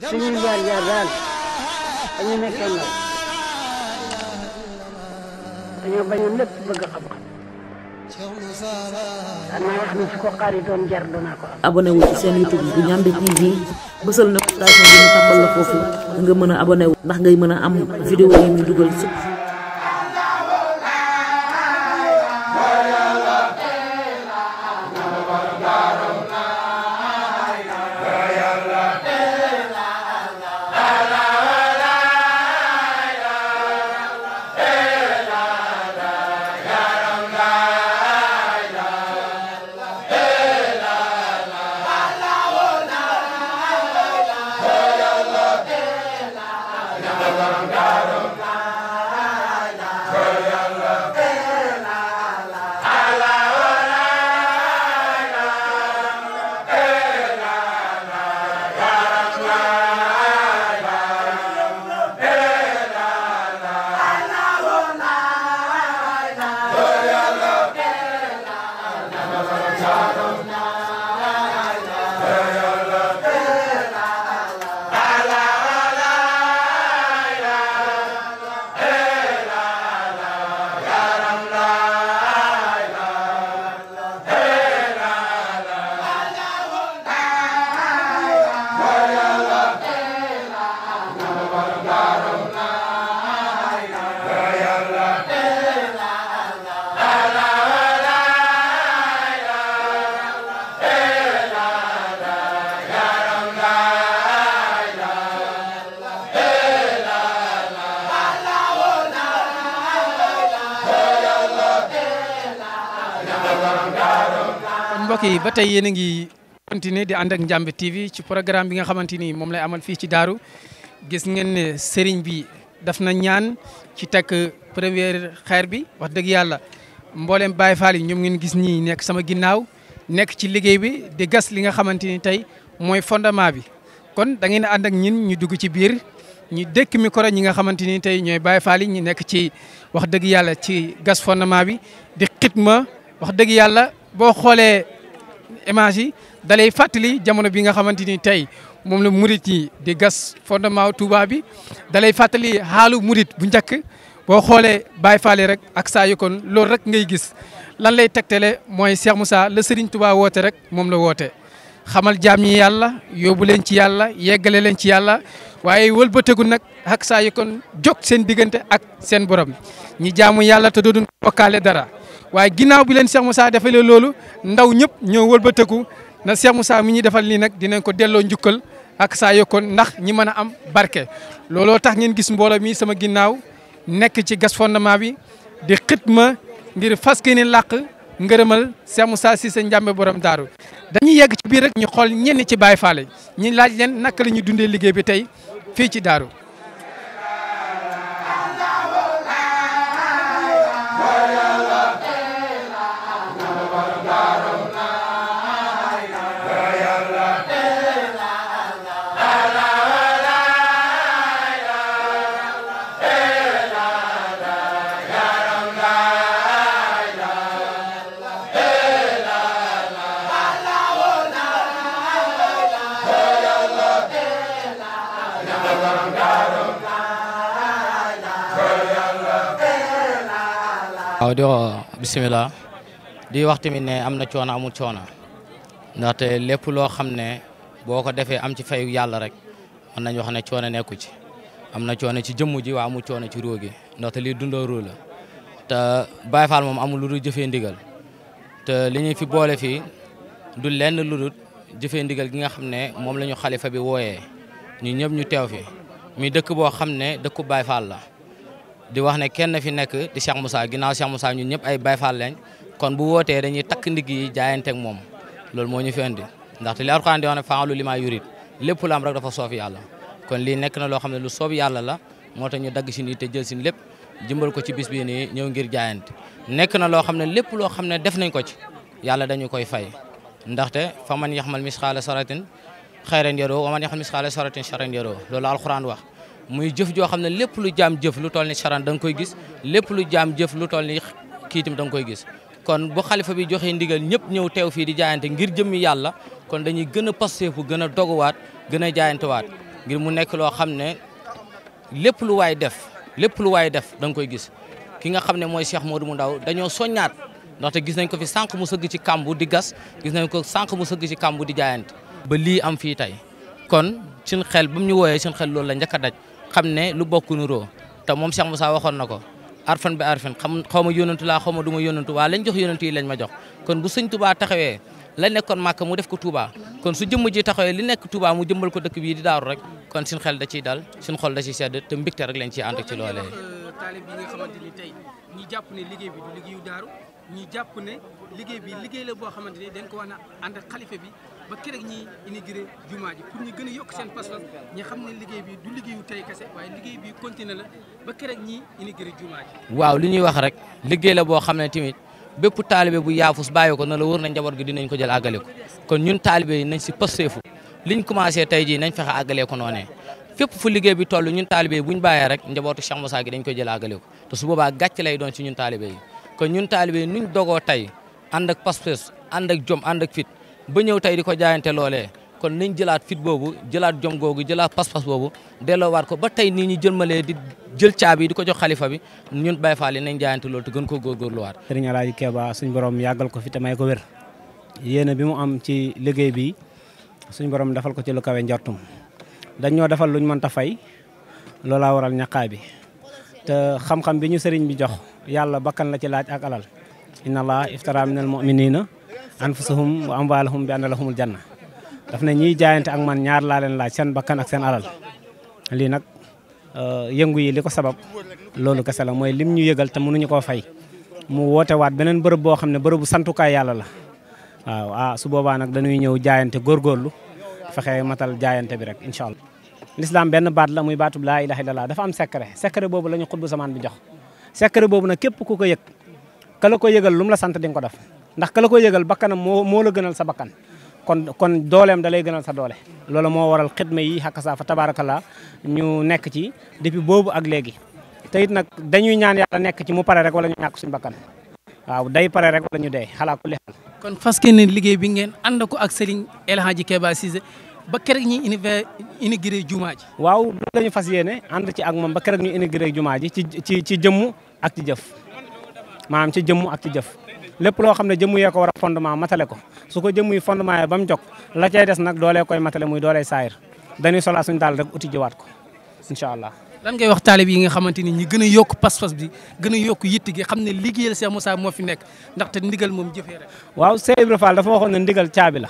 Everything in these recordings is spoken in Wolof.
suñuy jaar jaar daal dañu nekkoon ndaw dañoo bañoon lépp bëgg xam-xam. xanaa wax na su ko xaaritoon jar danaa ko am. abonné wu ci seen YouTube bu Ndiamé TV bësal na station bi ñu tàmbal la foofu nga mën a abonné ndax ngay mën a am vidéo yi ñu dugal si. mbokk yi ba tay yéen ngi continuer di and ak Ndiamé TV ci programme bi nga xamanteni mom lay amal fi ci daru gis ngeen ne serigne bi daf na ñaan ci takk premier xair bi wax deug yalla mbollem Baye Fall yi ñoom ngeen gis ni nek sama ginnaw nek ci liggey bi di gas li nga xamanteni tay moy fondement bi kon da ngeen and ak ñin ñu dugg ci biir ñu ko ra ñi nga xamanteni tay ñoy Baye Fall yi ñu ci wax deug yalla ci gas fondement bi di xitma wax deug yalla bo xolé image yi dalay fàttali jamono bi nga xamante ni tey moom la murit yi di gas fondement Touba bi dalay fàttali xaalu murit bu njëkk boo xoolee Baye Fall rek ak saa yu kon loolu rek ngay gis lan lay tegtale mooy Cheikh Moussa la Serigne Touba woote rek moom la woote. xamal jaam ñi yàlla yóbbu leen ci yàlla yeggale leen ci yàlla waaye wëlbateegu nag ak saa yu kon jóg seen diggante ak seen borom ñi jaamu yàlla te dooduñ bokkaale dara. waaye ginnaaw bi leen seex mu Moussa defalee loolu ndaw ñëpp ñoo wëlbateeku na seex mu saa mi ñuy defal lii nag dinañ ko delloo njukkal ak saa yokkoon ndax ñi mën a am barke. looloo tax ngeen gis mbooloo mi sama ginnaaw nekk ci gas fondement bi di ma ngir fas yéene làq ngërëmal Cheikh Moussa Cissé Ndiamé borom daaru dañuy yegg ci biir rek ñu xool ñenn ci Baye Fall ñi laaj leen naka la ñuy dundee liggéey bi tey fii ci daaru waaw di wax bisimilah di wax tamit ne am na coono amul coono ndaxte lépp loo xam ne boo ko defee am ci fayu yàlla rek mën nañu wax ne coono nekku ci am na coono ci jëmm ji waa amul coono ci ruu gi ndaxte lii dundoo ruu la te Baye moom amul lu dul jëfee ndigal te li ñu fi boole fi du lenn lu dul jëfee ndigal gi nga xam ne moom la ñu xalifa bi wooyee ñu ñëpp ñu teew fi muy dëkk boo xam ne dëkku Baye la di wax ne kenn fi nekk di Cheikh Moussa ginaaw Cheikh Moussa ñun ñëpp ay Baye Fall lañ kon bu wote dañuy tak ndig yi ak mom lool mo ñu fi indi ndaxte li Alxuraan di wax ne fa'alu lima yurid lépp lu am rek dafa soof yàlla kon li nekk na lo xamne lu soof yàlla la mota ñu dag ci ni te jël si lépp jëmbal ko ci bis bi ni ñëw ngir jaayante nekk na lo xamne lépp lo xamne def nañ ko ci yàlla dañu koy fay ndaxte fa man yahmal misqala saratin khayran yaro wa man yaxmal misqaala saratin sharran yaro lool alxuraan wax muy jëf joo xam ne lépp lu jaam jëf lu toll ni charan da nga koy gis lépp lu jaam jëf lu toll ni kiitam da nga koy gis kon bu xalifa bi joxee ndigal ñëpp ñëw teew fii di jaayante ngir jëmmi yàlla kon dañuy gën a pasteefu gën a doguwaat gën a jaayantewaat ngir mu nekk loo xam ne lépp lu waay def lépp lu waay def da nga koy gis ki nga xam ne mooy Cheikh Modou mu ndaw dañoo soññaat ndaxte gis nañ ko fi sànq mu sëgg ci kàmbu di gas gis nañ ko sànq mu sëgg ci kàmbu di jaayante ba lii am fii tey kon suñ xel ba mu ñu wooyee suñ loolu la njëkk daj xam ne lu bokk nuroo te moom Cheikh Moussa waxoon na ko arfan bi arfan xam xaw ma yónantu laa xaw ma du ma yónantu waa lañ jox yónantu yi lañ ma jox kon bu sëñ Touba taxawee la nekkoon màkk mu def ko Touba kon su jëmm ji taxawee li nekk Touba mu jëmbal ko dëkk bii di daaru rek kon suñ xel da ciy dal suñ xol da ciy sedd te mbégte rek lañ ciy ànd ak ci loolee. Euh, taalib yi nga xamante ñi jàpp ne liggéey bi du liggéeyu daaru ñi jàpp ne liggéey bi liggéey la boo xamante ni dañ ko war a ànd ak bi ba keroog ñi waaw li ñuy wax rek liggéey la boo xam ne tamit bépp taalibe bu yaafus bàyyi ko na la wóor na njaboot gi dinañ ko jël àggale ko kon ñun taalibe yi nañ si fu pësteefu liñ commencé tey jii nañ fexe àggalee ko noonee fu liggéey bi toll ñun taalibe bu ñu bàyyee rek njabootu Cheikh Moussa gi dañ ko jël àggale ko te su boobaa lay doon si ñun taalibe yi kon ñun taalibe yi nuñ dogoo tey ànd ak pas-pas ànd jom ànd ak fit ba ñëw tey di ko jaayante loolee kon nañ jëlaat fit boobu jëlaat jom googu jëlaat pas-pas boobu delloowaat ko ba tey nii ñu jëlmalee di jël caabi di ko jox kalifa bi ñun Baye Fall yi nañ jaayante lool te gën koo góorgóorluwaat. Serigne Alaaji Keba suñu borom yàggal ko fi te may ko wér yéene bi mu am ci liggéey bi suñu borom defal ko ci lu kawe njortum dañoo defal luñ mënta fay loolaa waral ñaqaay bi te xam-xam bi ñu sëriñ bi jox yàlla bakkan la ci laaj ak anfusahum wa amwaalahum bi anna lahumul janna daf ne ñiy jaayante ak man ñaar laa leen laaj seen bakkan ak seen alal lii nag euh, yëngu yi li ko sabab loolu kese la mooy lim ñu yëgal te mënuñu koo fay mu woote waat beneen bërëb boo xam ne bërëbu santukaay yàlla la waaw ah su boobaa nag dañuy ñëw jaayante góorgóorlu fexe matal jaayante bi rek incha allah. lislaam benn baat la muy baatu laa ilaha illallah dafa am secret secret boobu la ñu xutbu samaan bi jox secret boobu nag képp ku ko yëg ka la ko yëgal lu la sant di ko def. ndax kala koy yëgal bakkanam mo moo la gënal sa bakkan kon kon dolem dalay gënal sa dole lolo mo waral xidma yi xakka new fa tabaarakalla ñu nekk ci depuis bobu ak legi tayit nak dañuy ñaan yalla nekk ci mu pare rek wala ñu ñak suñu bakkan waaw day pare rek wala ñu dee hala kulli hal kon fas ne liggéey bi ngeen ànd ko ak Serigne El Hadji Keba sise ba kerek ñi inigré jumaa ji waaw loolu fas yene and ci ak mom ba kerek ñi inigré jumaa ji ci ci ci ak ci jëf manam ci jëm ak ci jëf lépp loo xam ne jëmm yee ko war a fondement matale ko su ko jëmmuy fondement yee ba mu jog la cay des nag doole koy matale muy doolee saayir dañuy solaa suñu daal rek uti jiwaat ko incha allah. lan ngay wax taalib yi nga xamante ni ñi gën a yokk pas-pas bi gën a yokk yitt gi xam ne liggéeyal Cheikh Moussa moo fi nekk ndaxte ndigal moom jëfee rek. waaw Cheikh Ibra Fall dafa waxoon ne ndigal caabi la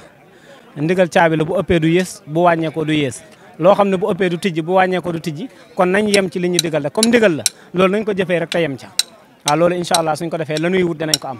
ndigal caabi la bu ëppee du yées bu wàññeekoo du yées loo xam ne bu ëppee du tijji bu wàññeekoo du tijji kon nañ yem ci li ñu digal la comme ndigal la loolu nañ ko jëfee rek te yem ca waaw loolu incha allah suñ ko defee la nuy wut danañ ko am.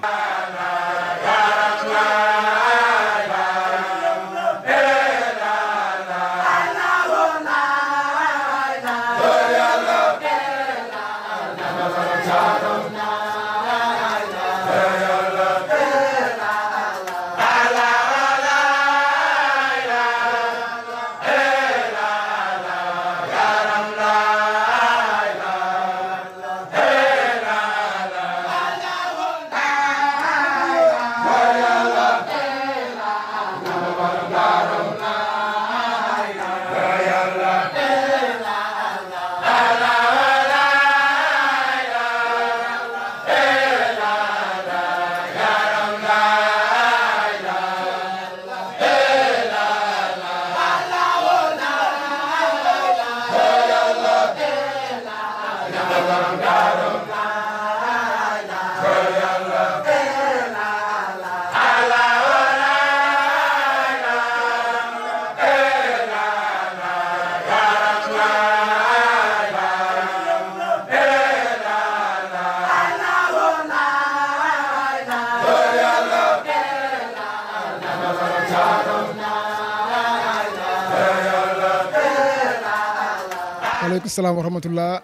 waaleykum salaam wa rahmatullah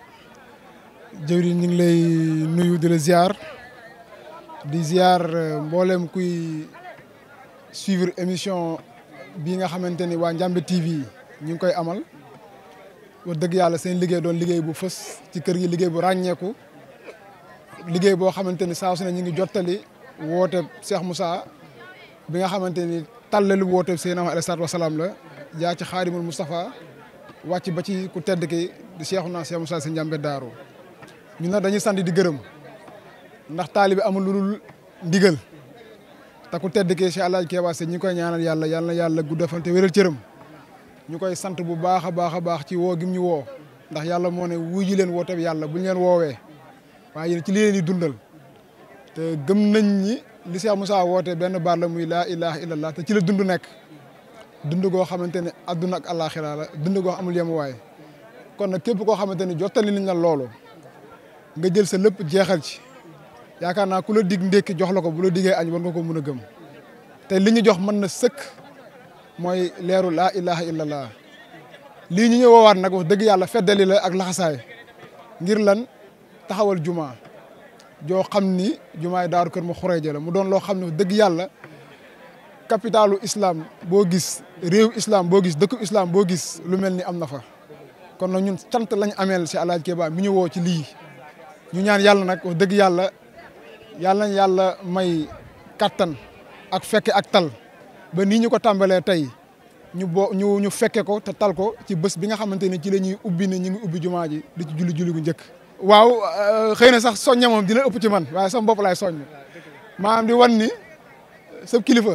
jëwriñ ñu ngi lay nuyu di la ziar di ziar euh, mboolem kuy suivre émission bi nga xamante ni waa Njambe TV ñu ngi koy amal wax dëgg yàlla seen liggéey doon liggéey bu fës ci kër gi liggéey bu ràññeeku liggéey boo xamante ni saa ñu ngi jottali woote Cheikh Moussa bi nga xamante ni tàllali woote Seydina Muhammad alayhi salaatu wa salaam la yaa ci xaadimul Moustapha wàcc ba ci ku tedd ki di Cheikhouna Cheikh Moussa si Njambe Daaru ñun nag dañuy sant di gërëm ndax taalibe amul lu dul ndigal te ku tedd kee Cheikh Alaaji Keeba Seen ñi koy ñaanal yàlla yàlla yàlla guddafal te wéral cëram ñu koy sant bu baax a baax a baax ci woo gim ñi woo ndax yàlla moo ne wuyu leen woote bi yàlla buñ leen woowee waaye yéen ci li leen di dundal te gëm nañ ñi li mu Moussa woote benn baat la muy laa ilaha illallah te ci la dund nekk dund goo xamante ne adduna ak àllaaxira la dund goo amul yemuwaay kon nag képp koo xamante ni jottali nañ la loolu nga jël sa lépp jeexal ci yaakaar naa ku la digg ndékki jox la ko bu la diggee añ war nga ko mën a gëm te li ñu jox man na sëkk mooy leeru laa ilaha illallah lii ñu ñu woowaat nag wax dëgg yàlla feddali la ak laxasaay ngir lan taxawal jumaa joo xam ni jumaay daaru kër ma xureeja la mu doon loo xam ne dëgg yàlla capitalu islam boo gis réew islam boo gis dëkku islam boo gis lu mel ni am na fa kon nak ñun cant lañ amel si alaaj Keba mi ñu wo ci li ñu ñaan yalla nak wax yalla yalla yàlla yalla may katan ak fekke ak tal ba nyu ñu ko tambalé tay ñu bo ñu ñu fekke ko ta tal ko ci bés bi nga xamanteni ni ci lañuy ubbi ni ñi ngi ubbi jumaa ji di ci julli julli gu ñëk waaw euh, xeyna sax soñña mom dina ëpp ci man waaye sama di wan ni sa kilifa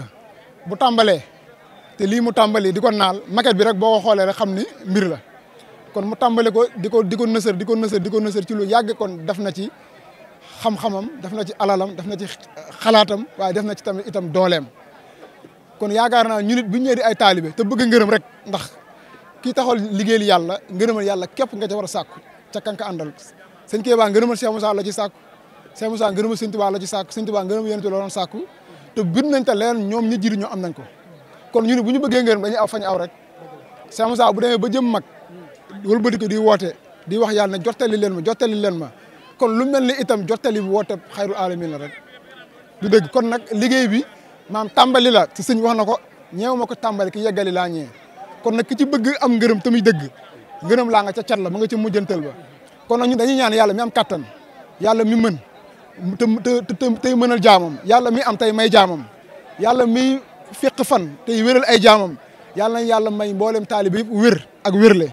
bu tambalé té li mu tambalé di naal maquette bi rek boko xolé rek xamni mbir la. kon mu tàmbali ko di ko di ko nësër di ko nësër di ko nësër ci lu yàgg kon def na ci xam-xamam def na ci alalam def na ci xalaatam waaye def na ci tamit itam dooleem kon yaakaar naa ñu nit bu ñu ñëwee di ay taalibe te bëgg ngërëm rek ndax kii taxawal liggéeyal yàlla ngërëmal yàlla képp nga ca war a sàkku ca kanka àndal sëñ Kébaa ngërëmal Cheikh saa la ci sàkku Cheikh Moussa ngërëmal sëñ Tuubaa la ci sàkku sëñ Tuubaa ngërëmal yéen la doon sàkku te bind nañ te leen ñoom ñi jiitu ñoo am nañ ko kon ñu bu ñu bëggee ngërëm dañuy aw fañ aw rek Cheikh Moussa bu demee ba jëm mag wëlbatiku di woote di wax yàlla ne jottali leen ma jottali leen ma kon lu mel ni itam jottali bu woote xayrul alamin la rek du dëgg kon nag liggéey bi maam tàmbali la sëñ wax na ko ñeew ma ko tàmbali ki yeggali laa ñee kon nag ki ci bëgg am ngërëm tamuy dëgg ngërëm laa nga ca cat la ma nga ci mujjantal ba kon nag ñun dañuy ñaan yàlla mi am kattan yàlla mi mën te te tey mënal jaamam yàlla mi am tey may jaamam yàlla mi fiq fan tey wéral ay jaamam yàlla na yàlla may mboolem taalibe yëpp wér ak wérle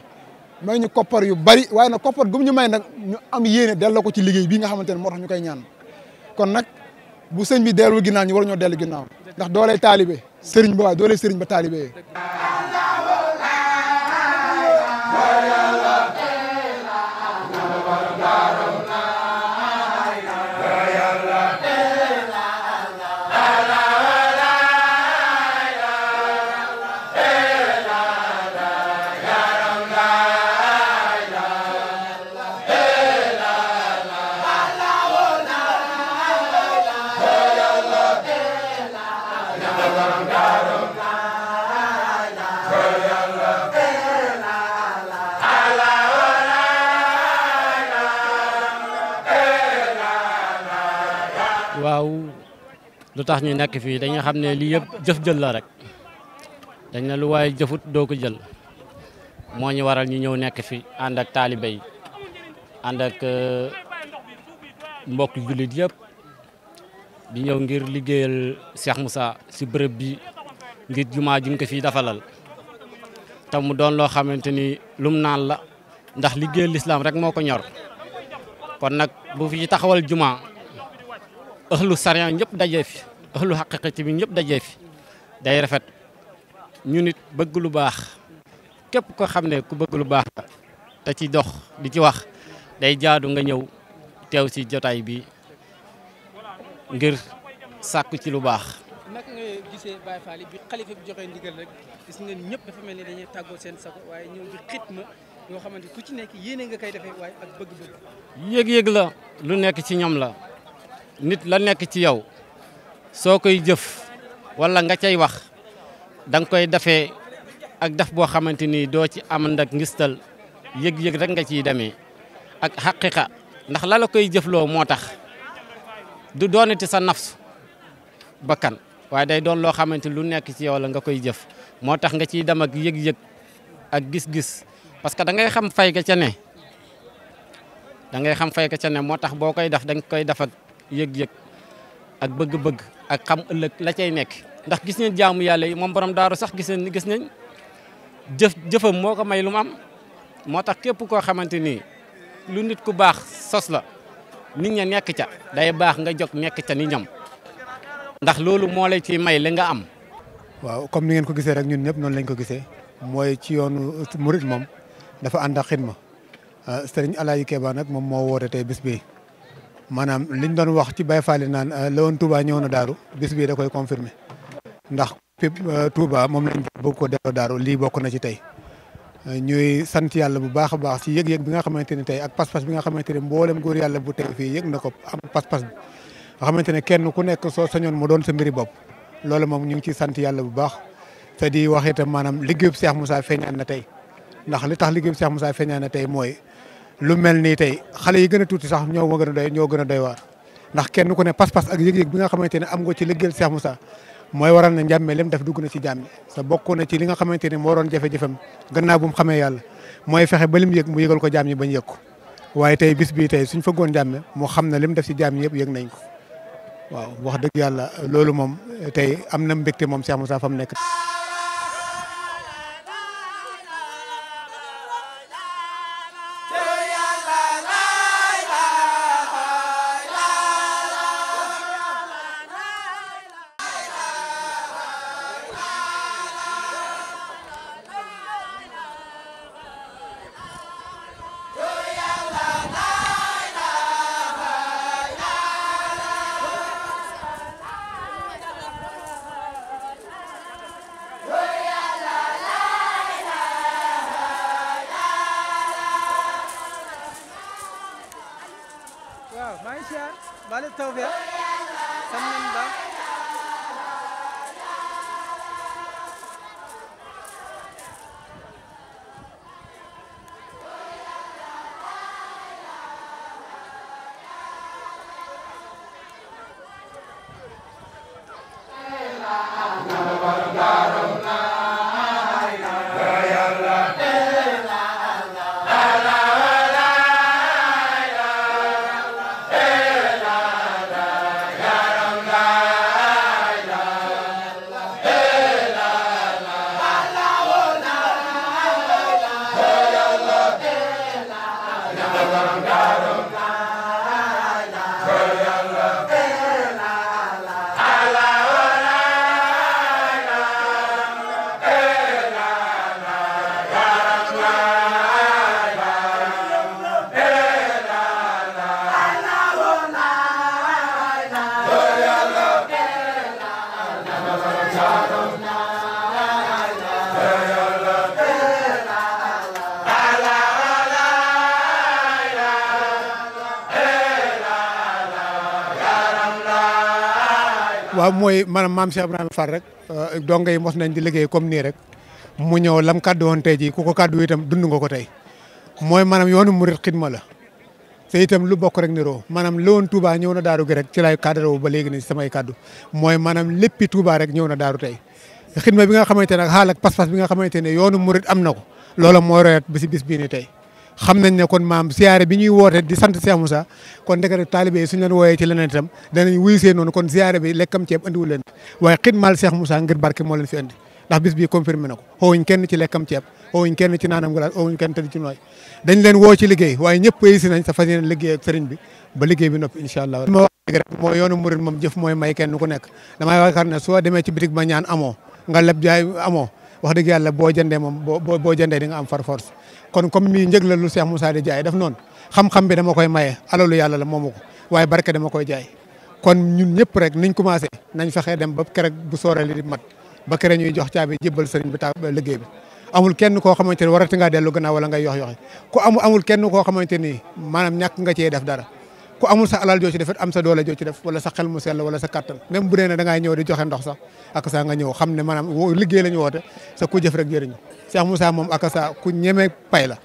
may ñu koppor yu bari waaye na koppar gum ñu may nag ñu am yéene delloo ko ci liggéey bi nga xamante ne moo tax ñu koy ñaan kon nag bu sëñ bi dellu ginnaaw ñu war ñoo dellu ginnaaw ndax doolee taalibe sëriñ ba waaye doolee seriñ ba taalibe lu tax ñu nekk fii dañu xam ne lii yëpp jëf jël la rek dañ ne lu waaye jëfut doo ko jël moo ñu waral ñu ñëw nekk fi ànd ak taalibe yi ànd ak euh, mbokk jullit yépp di ñëw ngir liggéeyal Cheikh Moussa si bërëb bi ngir jumaa ji nga ko dafalal te mu doon loo xamante ni lum naan la ndax liggéeyal lislaam rek moo ko ñor kon nag bu fi taxawal jumaa ahlu sarian ñep dajé fi ahlu xaqiqati bi ñep dajé fi day rafet ñu nit bëgg lu baax képp ko xamné ku bëgg lu baax ta ci dox di ci wax day jaadu nga ñew tew ci jotay bi ngir sakku ci lu baax. nak nga gisé Baye fali bi xalifa bi joxé ndigal rek gis nga ñep dafa melni dañuy taggo seen sago waye ñew di xitma yo xamanteni ku ci nekk yene nga kay defé waye ak bëgg-bëgg. yegg yegg la lu nekk ci ñom la. nit la nekk ci yow soo koy jëf wala nga cay wax danga koy defee ak def boo xamante ni doo ci amand ak ngistal yëg-yëg rek nga ciy demee ak xaqiqa ndax la la koy jëfloo moo tax du doonati sa nafsu bakkan waaye day doon loo xamante ni lu nekk ci yow la nga koy jëf moo tax nga ciy dem ak yëg-yëg ak gis-gis parce que da ngay xam fay ga ca ne da xam fay ga ca ne moo tax boo koy def danga koy def yeg yeg ak bëgg-bëgg ak xam ëlëk la cey nekk ndax gis nañ jaamu yàlla yi moom borom daaru sax gis nañ gis nañ jëf jëfam moo ko may lu mu am moo tax képp koo xamante ni lu nit ku baax sos la nit ña nekk ca day baax nga jog nekk ca ni ñoom ndax loolu moo lay ci may li nga am. waaw comme ni ngeen ko gisee rek ñun ñëpp noonu lañ ko gisee mooy ci yoonu murit moom dafa ànd ak xidma ah, sëriñ Alaaji Keba nag moom moo woote tey bis maanaam liñ doon wax ci Baye Fall naan euh, la woon Touba ñëw na daaru bis bii koy confirmer ndax fépp euh, Touba moom lañ bëgg ko delloo daaru lii bokk na ci tey. Euh, ñuy sant yàlla bu baax a baax ci yëg-yëg bi nga xamante ne tey ak pas-pas bi nga xamante ne mboolem góor yàlla bu tey fii yëg na ko am pas-pas bi nga xamante ne kenn ku nekk soo sañoon mu doon sa mbiri bopp loolu moom ñu ngi ciy sant yàlla bu baax te di wax itam maanaam liggéeyub Cheikh Moussa feeñaan na tey ndax li tax liggéeyub Cheikh Moussa feeñaan na tey mooy lu mel nii tey xale yi gën a tuuti sax ñoow ma gën a doy ñoo gën a doy waar ndax kenn ku ne pas-pas ak yëg-yëg bi nga xamante ne am nga ci liggéeyal mu Moussa mooy waral na njàmme lem def dugg na ci jàmme sa bokk na ci li nga xamante ne moo doon jafe-jafem gannaaw bu mu xamee yàlla mooy fexe ba lim yëg mu yëgal ko jaam ñi bañ yëg ko waaye tey bis bii tey suñ fëggoon jàmme mu xam ne lim def ci jaam ñi yëpp yëg nañ ko waaw wax dëgg yàlla loolu moom tey am na mbégte moom Cheikh Moussa fa mu nekk yeah? waaw mooy maanaam maam Cheikh Ibrahima Fall rek euh, donga yi mos nañ di liggéey comme nii rek mu ñëw lam kàddu woon tey jii ku ko kàddu itam dund nga ko tey mooy maanaam yoonu murit xidma la se itam lu bokk rek niroo maanaam la woon Touba ñëw na daaru gi rek ci laay cadre ba léegi ni samay kaddu mooy maanaam léppi Touba rek ñëw na daaru tey xidma bi nga xamante ne ak xaal ak pas-pas bi nga xamante ne yoonu murit am na ko loola mooy royat ba si bis bii ni tey xam nañ ne kon maam siyaare bi ñuy woote di sant Cheikh Moussa kon ndekete taalibe yi suñu leen wooyee ci leneen itam danañ wuyu see noonu kon siyaare bi lekkam ceeb andiwul leen waaye xidmaal Cheikh Moussa ngir barke moo leen ndax bis bii confirmé na ko xoowuñ kenn ci lekkam ceeb xoowuñ kenn ci naanam glace xoowuñ kenn tëdd ci nooy dañ leen woo ci liggéey waaye ñëpp réussi nañ sa fas yéene liggéey sëriñ bi ba liggéey bi noppi incha allah moom mooy may kenn ku nekk damay demee ci bitik ba ñaan amoo nga leb wax dëgg yàlla boo jëndee moom boo boo jëndee di nga am far force kon comme mii njëg la lu Cheikh Moussa di jaay daf noonu xam-xam bi dama koy maye alalu yàlla la moomu ko waaye barke dama koy jaay kon ñun ñëpp rek niñ commencé nañ fexe dem ba kerek bu sooree li mat ba kere ñuy jox caabi jébbal sëriñ bi ta liggéey bi amul kenn koo xamante ni warati ngaa dellu gannaaw wala ngay yox yoxi ku amul kenn koo xamante ni maanaam ñàkk nga cee def dara ku amul sa alal joo ci def am sa doole joo ci def wala sa xel mu sell wala sa kattan même bu dee ne da ngay ñëw di joxe ndox sax ak sa nga ñëw xam ne maanaam liggéey la ñu woote sa ku jëf rek jëriñu Cheikh Moussa moom ak sa ku ñeme pay la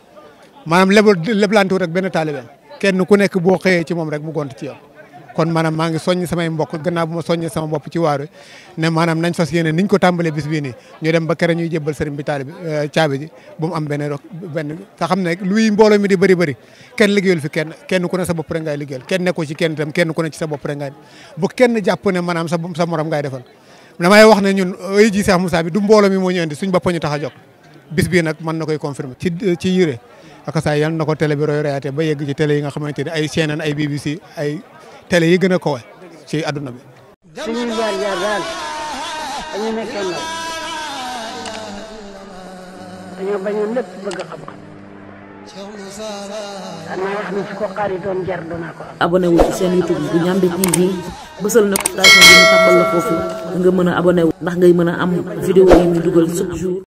maanaam lebal leblante rek benn taalibe kenn ku nekk boo xëyee ci moom rek mu gont ci yow kon maanaam maa ngi soññ samay mbokk gannaaw bu ma soññee sama bopp ci waaru ne maanaam nañ fas yéene niñ ko tàmbalee bis bii nii ñu dem ba kere ñuy jébbal sëriñ bi taalibi euh, caabi xam ne luy mbooloo mi di bëri bëri kenn liggéeyul fi kenn kenn ku ne sa bopp rek ngay liggéeyal kenn nekku ci kenn kenn ku ne sa bopp rek ngay bu kenn jàpp ne maanaam sa sa morom ngay defal damay wax ne ñun ay ji Cheikh Moussa bi du mbooloo mi moo ñu indi suñ bopp ñu tax a jóg bis bii nag mën na koy confirmer ci ci yure ak saa yal na ko télé bi roy ba yegg ci tele yi nga xamante ne ay CNN ay BBC ay télé yi gën a kowe ci adduna bi. suñuy jaar jaar daal dañu nekkee ndaw dañoo bañoon lépp bëgg xam-xam. danaa wax ni su doon jar doon naa ko am. abonné wu ci seen YouTube bu Ndiamé TV bësal na station bi ñu tàmbal la foofu nga mën a abonné ndax ngay mën a am vidéo yi ñu dugal chaque jour.